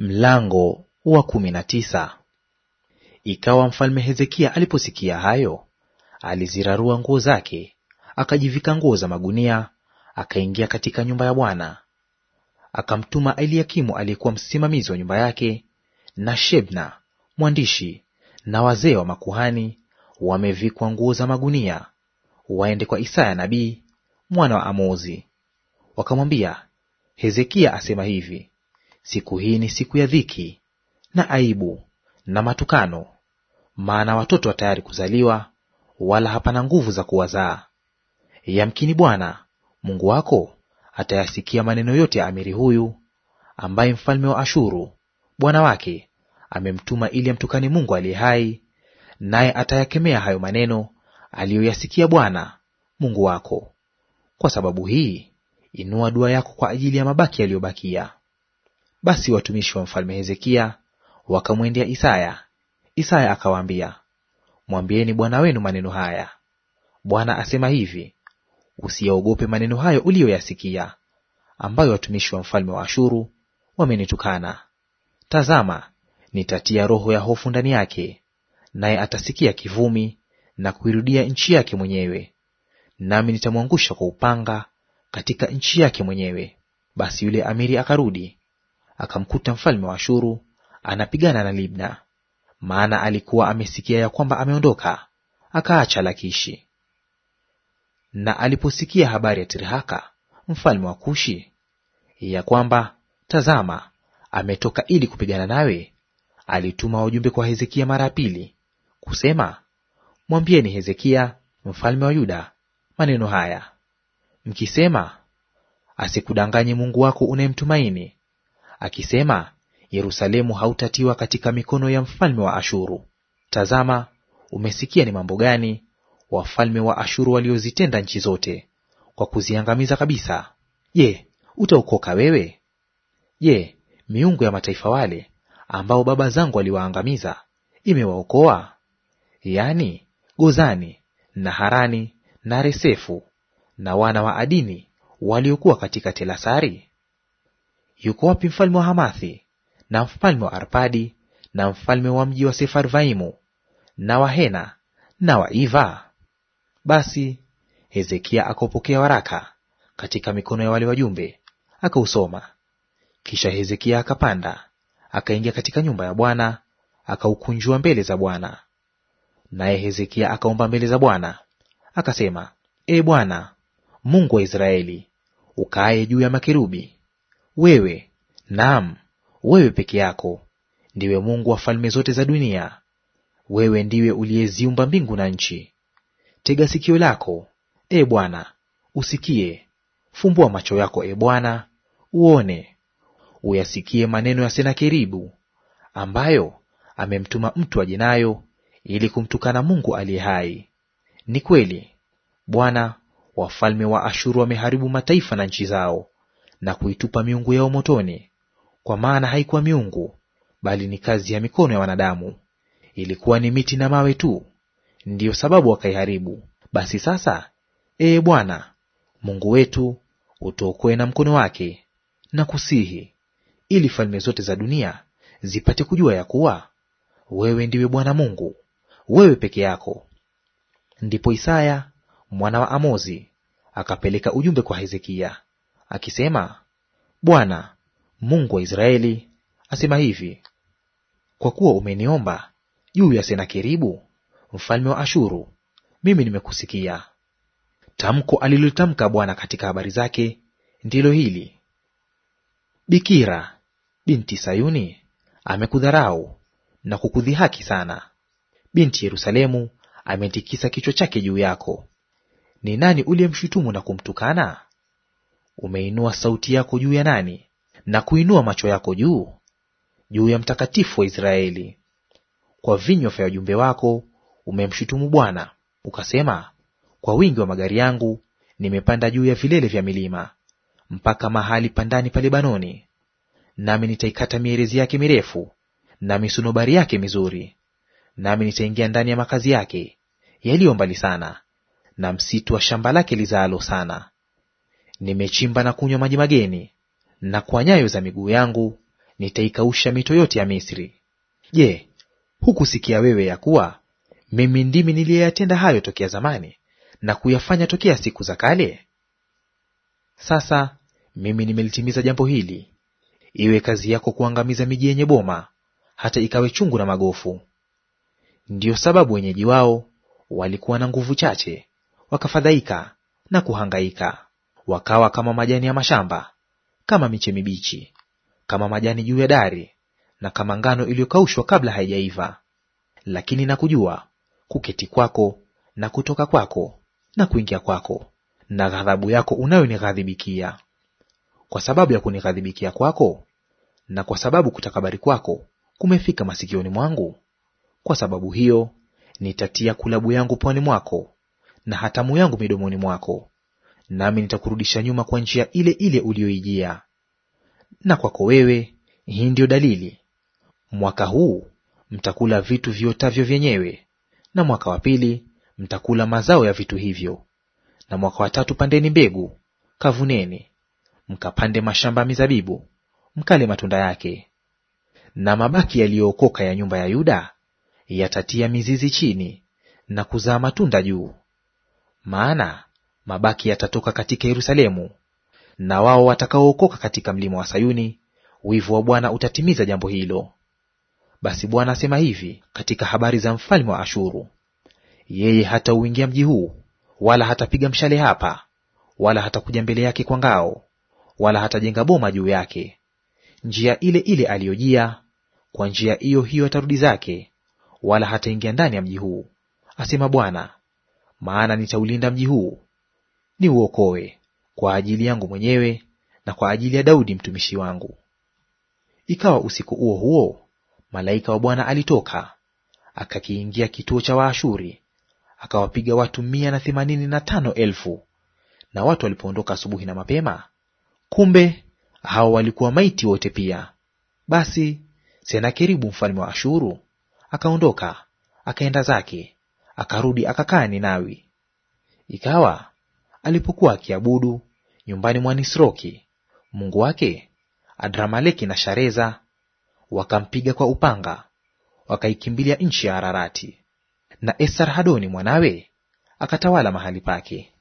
Mlango wa kumi na tisa. Ikawa mfalme Hezekia aliposikia hayo, alizirarua nguo zake, akajivika nguo za magunia, akaingia katika nyumba ya Bwana. Akamtuma Eliakimu aliyekuwa msimamizi wa nyumba yake, na Shebna mwandishi, na wazee wa makuhani wamevikwa nguo za magunia, waende kwa Isaya nabii mwana wa Amozi, wakamwambia, Hezekia asema hivi, Siku hii ni siku ya dhiki na aibu na matukano, maana watoto wa tayari kuzaliwa, wala hapana nguvu za kuwazaa. Yamkini Bwana Mungu wako atayasikia maneno yote ya amiri huyu, ambaye mfalme wa Ashuru bwana wake amemtuma ili amtukane Mungu aliye hai, naye atayakemea hayo maneno aliyoyasikia Bwana Mungu wako. Kwa sababu hii, inua dua yako kwa ajili ya mabaki yaliyobakia. Basi watumishi wa mfalme Hezekia wakamwendea Isaya. Isaya akawaambia, mwambieni bwana wenu maneno haya, Bwana asema hivi, usiyaogope maneno hayo uliyoyasikia, ambayo watumishi wa mfalme wa Ashuru wamenitukana. Tazama, nitatia roho ya hofu ndani yake, naye atasikia kivumi na kuirudia nchi yake mwenyewe, nami nitamwangusha kwa upanga katika nchi yake mwenyewe. Basi yule amiri akarudi akamkuta mfalme wa Ashuru anapigana na Libna, maana alikuwa amesikia ya kwamba ameondoka, akaacha Lakishi. Na aliposikia habari ya Tirhaka mfalme wa Kushi ya kwamba tazama, ametoka ili kupigana nawe, alituma wajumbe kwa Hezekia mara ya pili kusema, mwambieni Hezekia mfalme wa Yuda maneno haya mkisema, asikudanganye Mungu wako unayemtumaini akisema, Yerusalemu hautatiwa katika mikono ya mfalme wa Ashuru. Tazama, umesikia ni mambo gani wafalme wa Ashuru waliozitenda nchi zote kwa kuziangamiza kabisa. Je, utaokoka wewe? Je, miungu ya mataifa wale ambao baba zangu waliwaangamiza imewaokoa? Yaani Gozani na Harani na Resefu na wana wa Adini waliokuwa katika Telasari yuko wapi mfalme wa Hamathi na mfalme wa Arpadi na mfalme wa mji wa Sefarvaimu na wa Hena na wa Iva? Basi Hezekia akaupokea waraka katika mikono ya wale wajumbe, akausoma. Kisha Hezekia akapanda akaingia katika nyumba ya Bwana, akaukunjua mbele za Bwana. Naye Hezekia akaomba mbele za Bwana akasema, E Bwana Mungu wa Israeli, ukaaye juu ya makerubi, wewe, naam, wewe peke yako ndiwe Mungu wa falme zote za dunia. Wewe ndiwe uliyeziumba mbingu na nchi. Tega sikio lako, e Bwana, usikie; fumbua macho yako, e Bwana, uone, uyasikie maneno ya Senakeribu ambayo amemtuma mtu aje nayo ili kumtukana Mungu aliye hai. Ni kweli, Bwana, wafalme wa Ashuru wameharibu mataifa na nchi zao, na kuitupa miungu yao motoni, kwa maana haikuwa miungu, bali ni kazi ya mikono ya wanadamu; ilikuwa ni miti na mawe tu, ndiyo sababu wakaiharibu. Basi sasa, Ee Bwana Mungu wetu, utuokoe na mkono wake, na kusihi, ili falme zote za dunia zipate kujua ya kuwa wewe ndiwe Bwana Mungu, wewe peke yako. Ndipo Isaya mwana wa Amozi akapeleka ujumbe kwa Hezekia akisema, Bwana Mungu wa Israeli asema hivi, kwa kuwa umeniomba juu ya Senakeribu mfalme wa Ashuru, mimi nimekusikia. Tamko alilotamka Bwana katika habari zake ndilo hili: Bikira binti Sayuni amekudharau na kukudhihaki sana, binti Yerusalemu ametikisa kichwa chake juu yako. Ni nani uliyemshutumu na kumtukana? Umeinua sauti yako juu ya nani, na kuinua macho yako juu? Juu ya mtakatifu wa Israeli. Kwa vinywa vya wajumbe wako umemshutumu Bwana, ukasema, kwa wingi wa magari yangu nimepanda juu ya vilele vya milima, mpaka mahali pandani pa Lebanoni. Nami nitaikata mierezi yake mirefu na misunobari yake mizuri, nami nitaingia ndani ya makazi yake yaliyo mbali sana, na msitu wa shamba lake lizaalo sana. Nimechimba na kunywa maji mageni, na kwa nyayo za miguu yangu nitaikausha mito yote ya Misri. Je, hukusikia wewe ya kuwa mimi ndimi niliyeyatenda hayo tokea zamani na kuyafanya tokea siku za kale? Sasa mimi nimelitimiza jambo hili. Iwe kazi yako kuangamiza miji yenye boma, hata ikawe chungu na magofu. Ndiyo sababu wenyeji wao walikuwa na nguvu chache, wakafadhaika na kuhangaika wakawa kama majani ya mashamba, kama miche mibichi, kama majani juu ya dari, na kama ngano iliyokaushwa kabla haijaiva. Lakini nakujua kuketi kwako na kutoka kwako na kuingia kwako, na ghadhabu yako unayonighadhibikia. Kwa sababu ya kunighadhibikia kwako, na kwa sababu kutakabari kwako kumefika masikioni mwangu, kwa sababu hiyo nitatia kulabu yangu pwani mwako, na hatamu yangu midomoni mwako nami nitakurudisha nyuma kwa njia ile ile uliyoijia. Na kwako wewe hii ndiyo dalili: mwaka huu mtakula vitu viotavyo vyenyewe, na mwaka wa pili mtakula mazao ya vitu hivyo, na mwaka wa tatu pandeni mbegu, kavuneni, mkapande mashamba mizabibu, mkale matunda yake. Na mabaki yaliyookoka ya nyumba ya Yuda yatatia mizizi chini na kuzaa matunda juu, maana mabaki yatatoka katika Yerusalemu, na wao watakaookoka katika mlima wa Sayuni, wivu wa Bwana utatimiza jambo hilo. Basi Bwana asema hivi katika habari za mfalme wa Ashuru, yeye hatauingia mji huu, wala hatapiga mshale hapa, wala hatakuja mbele yake kwa ngao, wala hatajenga boma juu yake. Njia ile ile aliyojia, kwa njia hiyo hiyo atarudi zake, wala hataingia ndani ya mji huu, asema Bwana. Maana nitaulinda mji huu ni uokoe kwa ajili yangu mwenyewe na kwa ajili ya Daudi mtumishi wangu. Ikawa usiku huo huo malaika wa Bwana alitoka akakiingia kituo cha Waashuri, akawapiga watu mia na themanini na tano elfu. Na watu walipoondoka asubuhi na mapema, kumbe hao walikuwa maiti wote pia. Basi Senakeribu mfalme wa Ashuru akaondoka akaenda zake, akarudi akakaa Ninawi. Ikawa alipokuwa akiabudu nyumbani mwa Nisroki mungu wake Adramaleki na Shareza, wakampiga kwa upanga, wakaikimbilia nchi ya Ararati. Na Esarhadoni mwanawe akatawala mahali pake.